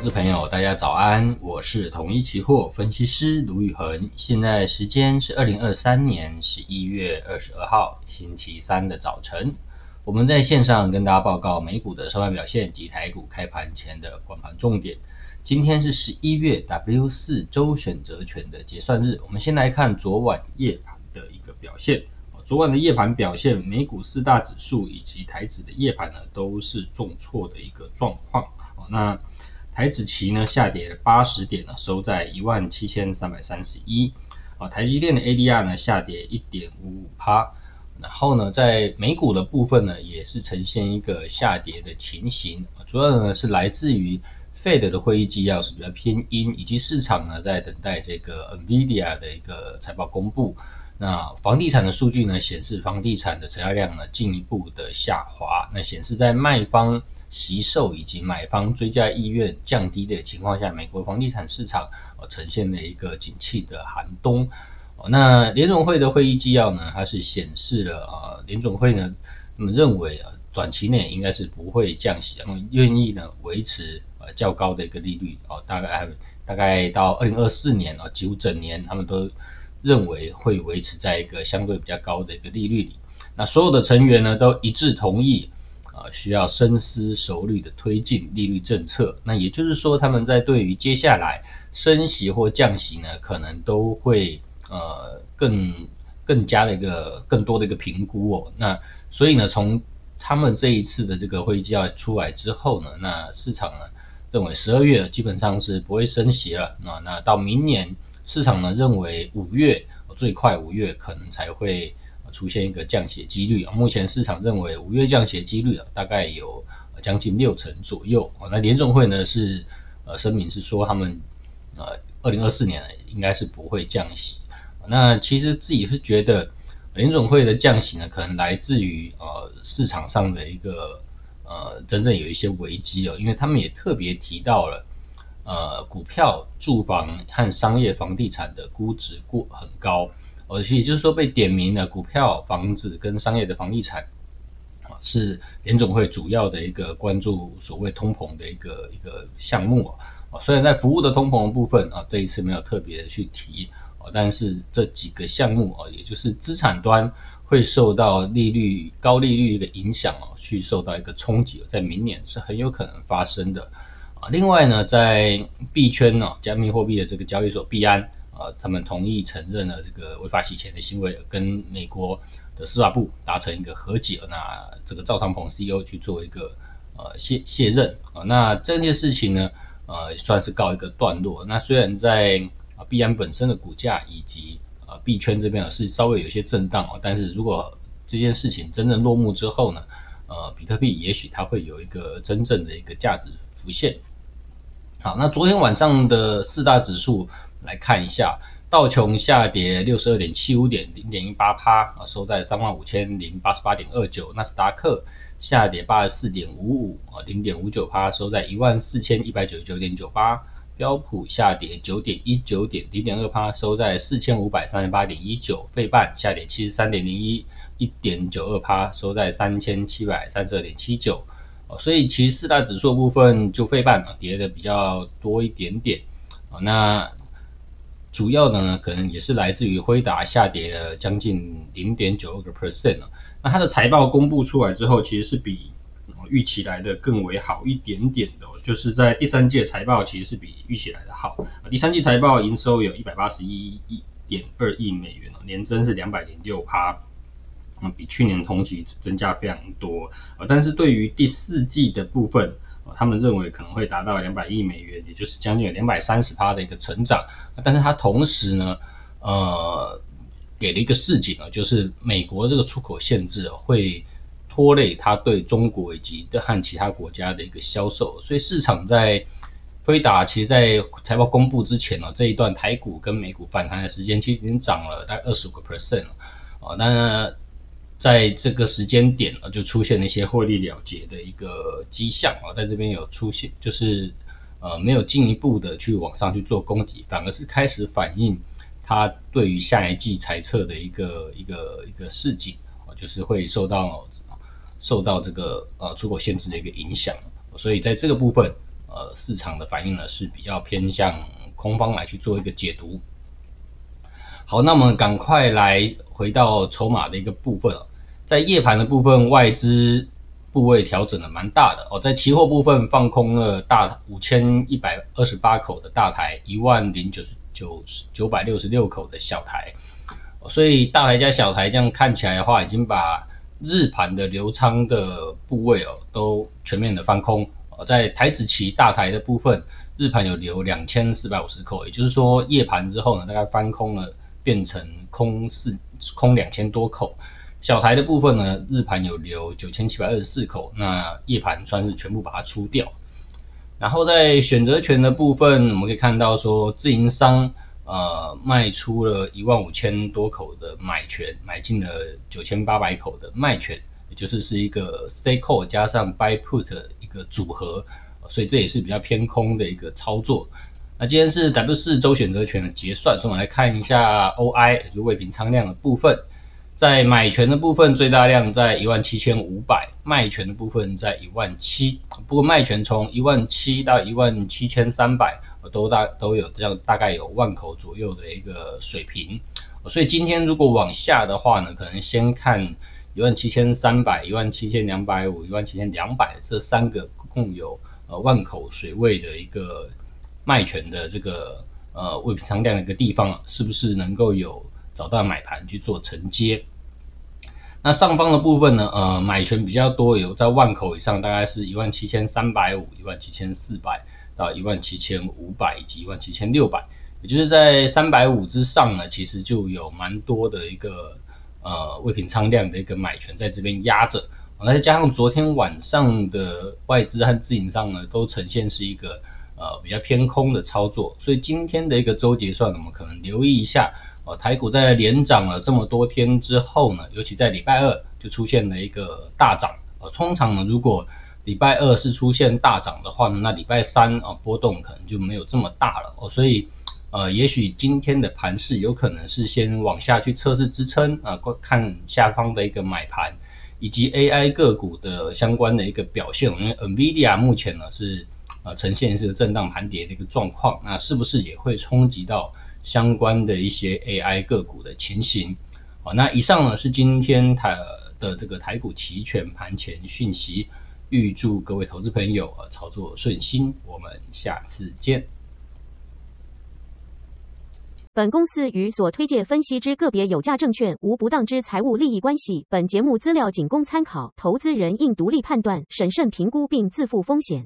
投資朋友，大家早安！我是統一期貨分析師盧昱衡，現在時間是二零二三年十一月二十二號星期三的早晨。我們在線上跟大家報告美股的收盤表現及台股開盤前的觀盤重點。今天是十一月 W 四週選擇權的結算日，我們先來看昨晚夜盤的一個表現。昨晚的夜盤表現，美股四大指數以及台指的夜盤呢，都是重挫的一個狀況。那台指期呢下跌了八十點呢收在一萬七千三百三十一，啊、哦、台積電的 ADR 呢下跌一點五五趴。然後呢，在美股的部分呢也是呈現一個下跌的情形，主要呢是來自於 Fed 的會議紀要是比較偏鷹，以及市場呢在等待這個 Nvidia 的一個財報公布。那房地產的數據呢顯示房地產的成交量呢進一步的下滑，那顯示在賣方。.吸售以及買方追加意願降低，的情況下，美國房地產市場呈現了一個景氣的寒冬。那聯準會的會議紀要呢，它是顯示了啊，聯準會呢，那麼認為啊，短期內應該是不會降息，那麼願意呢維持呃較高的一個利率，大概大概到二零二四年啊，幾乎整年，他們都認為會維持在一個相對比較高的一個利率裡。那所有的成員呢都一致同意。需要深思熟慮的推進利率政策，那也就是說，他們在對於接下來升息或降息呢，可能都會呃更更加的一個更多的一個評估哦。那所以呢，從他們這一次的這個會議紀要出來之後呢，那市場呢認為十二月基本上是不會升息了啊。那到明年市場呢認為五月，最快五月可能才會。出現一個降息的幾率啊，目前市場認為五月降息的幾率啊，大概有將近六成左右啊。那聯總會呢是呃聲明是說他們呃二零二四年應該是不會降息。那其實自己是覺得聯準會的降息呢，可能來自於呃市場上的一個呃真正有一些危機哦，因為他們也特別提到了呃股票、住房和商業房地產的估值過很高。而也就是說，被點名的股票、房子跟商業的房地產，是聯總會主要的一個關注所謂通膨的一個一個項目啊。雖然在服務的通膨的部分啊，這一次沒有特別的去提，但是這幾個項目啊，也就是資產端會受到利率高利率的影響去受到一個衝擊，在明年是很有可能發生的啊。另外呢，在幣圈呢，加密貨幣的這個交易所幣安。呃，他們同意承認了這個違法洗錢的行為，跟美國的司法部達成一個和解。那這個趙長鵬 CEO 去做一個呃卸卸任啊，呃，那這件事情呢，呃，算是告一個段落。那雖然在啊幣安本身的股價以及啊、呃、幣圈這邊啊是稍微有些震盪啊，但是如果這件事情真正落幕之後呢，呃，比特幣也許它會有一個真正的一個價值浮現。好，那昨天晚上的四大指數。來看一下，道瓊下跌六十二點七五點零點一八趴，收在三萬五千零八十八點二九。納斯達克下跌八十四點五五，啊零點五九趴，收在一萬四千一百九十九點九八。標普下跌九點一九點零點二趴，收在四千五百三十八點一九。費半下跌七十三點零一一點九二趴，收在三千七百三十二點七九。哦，所以其實四大指數部分就費半啊跌的比較多一點點，哦那。主要的呢，可能也是來自於輝達下跌了將近零點九二個 percent 那它的財報公布出來之後，其實是比預、哦、期來的更為好一點點的、哦，就是在第三季財報其實是比預期來的好。呃、第三季財報營收有一百八十一點二億美元，年增是兩百零六趴，嗯，比去年同期增加非常多。呃，但是對於第四季的部分。他們認為可能會達到兩百億美元，也就是將近有兩百三十趴的一個成長。但是它同時呢，呃，給了一個市景呢，就是美國這個出口限制會拖累它對中國以及的和其他國家的一個銷售。所以市場在輝達其實在財報公布之前呢，這一段台股跟美股反彈的時間其實已經漲了大概二十五個 percent 啊，但在這個時間點呢，就出現了一些獲利了結的一個跡象啊，在這邊有出現，就是呃沒有進一步的去往上去做攻擊，反而是開始反映它對於下一季財測的一個一個一個市景啊，就是會受到受到這個呃出口限制的一個影響，所以在這個部分呃市場的反應呢是比較偏向空方來去做一個解讀。好，那我們趕快來回到籌碼的一個部分。在夜盤的部分，外資部位調整的蠻大的哦，在期貨部分放空了大五千一百二十八口的大台，一萬零九十九九百六十六口的小台，所以大台加小台這樣看起來的話，已經把日盤的留倉的部位哦都全面的翻空。在台指期大台的部分，日盤有留兩千四百五十口，也就是說夜盤之後呢，大概翻空了。變成空四空兩千多口，小台的部分呢，日盤有留九千七百二十四口，那夜盤算是全部把它出掉。然後在選擇權的部分，我們可以看到說，自營商呃賣出了一萬五千多口的買權，買進了九千八百口的賣權，也就是是一個 sell call 加上 buy put 的一個組合，所以這也是比較偏空的一個操作。那今天是 W 四週選擇權的結算，所以我們來看一下 OI，也就是未平倉量的部分。在買權的部分最大量在一萬七千五百，賣權的部分在一萬七，不過賣權從一萬七到一萬七千三百，都大都有這樣大概有萬口左右的一個水平。所以今天如果往下的話呢，可能先看一萬七千三百、一萬七千兩百五、一萬七千兩百這三個共有呃萬口水位的一個。賣權的這個呃未平倉量的一個地方啊，是不是能夠有找到買盤去做承接？那上方的部分呢，呃買權比較多，有在萬口以上，大概是一萬七千三百五、一萬七千四百到一萬七千五百以及一萬七千六百，也就是在三百五之上呢，其實就有蠻多的一個呃未平倉量的一個買權在這邊壓着。那再加上昨天晚上的外資和自營商呢，都呈現是一個。呃，比較偏空的操作，所以今天的一個周結算，我們可能留意一下。呃台股在連漲了這麼多天之後呢，尤其在禮拜二就出現了一個大漲。呃通常呢，如果禮拜二是出現大漲的話呢，那禮拜三、呃，波動可能就沒有這麼大了。哦、呃，所以呃，也許今天的盤勢有可能是先往下去測試支撐啊、呃，看下方的一個買盤以及 AI 個股的相關的一個表現。因為 NVIDIA 目前呢是。呈現這個震盪盤跌的一個狀況，那是不是也會衝擊到相關的一些 AI 個股的情形？好，那以上呢是今天台的這個台股期權盤前訊息。預祝各位投資朋友啊，操作順心。我們下次見。本公司與所推介分析之個別有價證券無不當之財務利益關係。本節目資料僅供參考，投資人應獨立判斷、審慎評估並自負風險。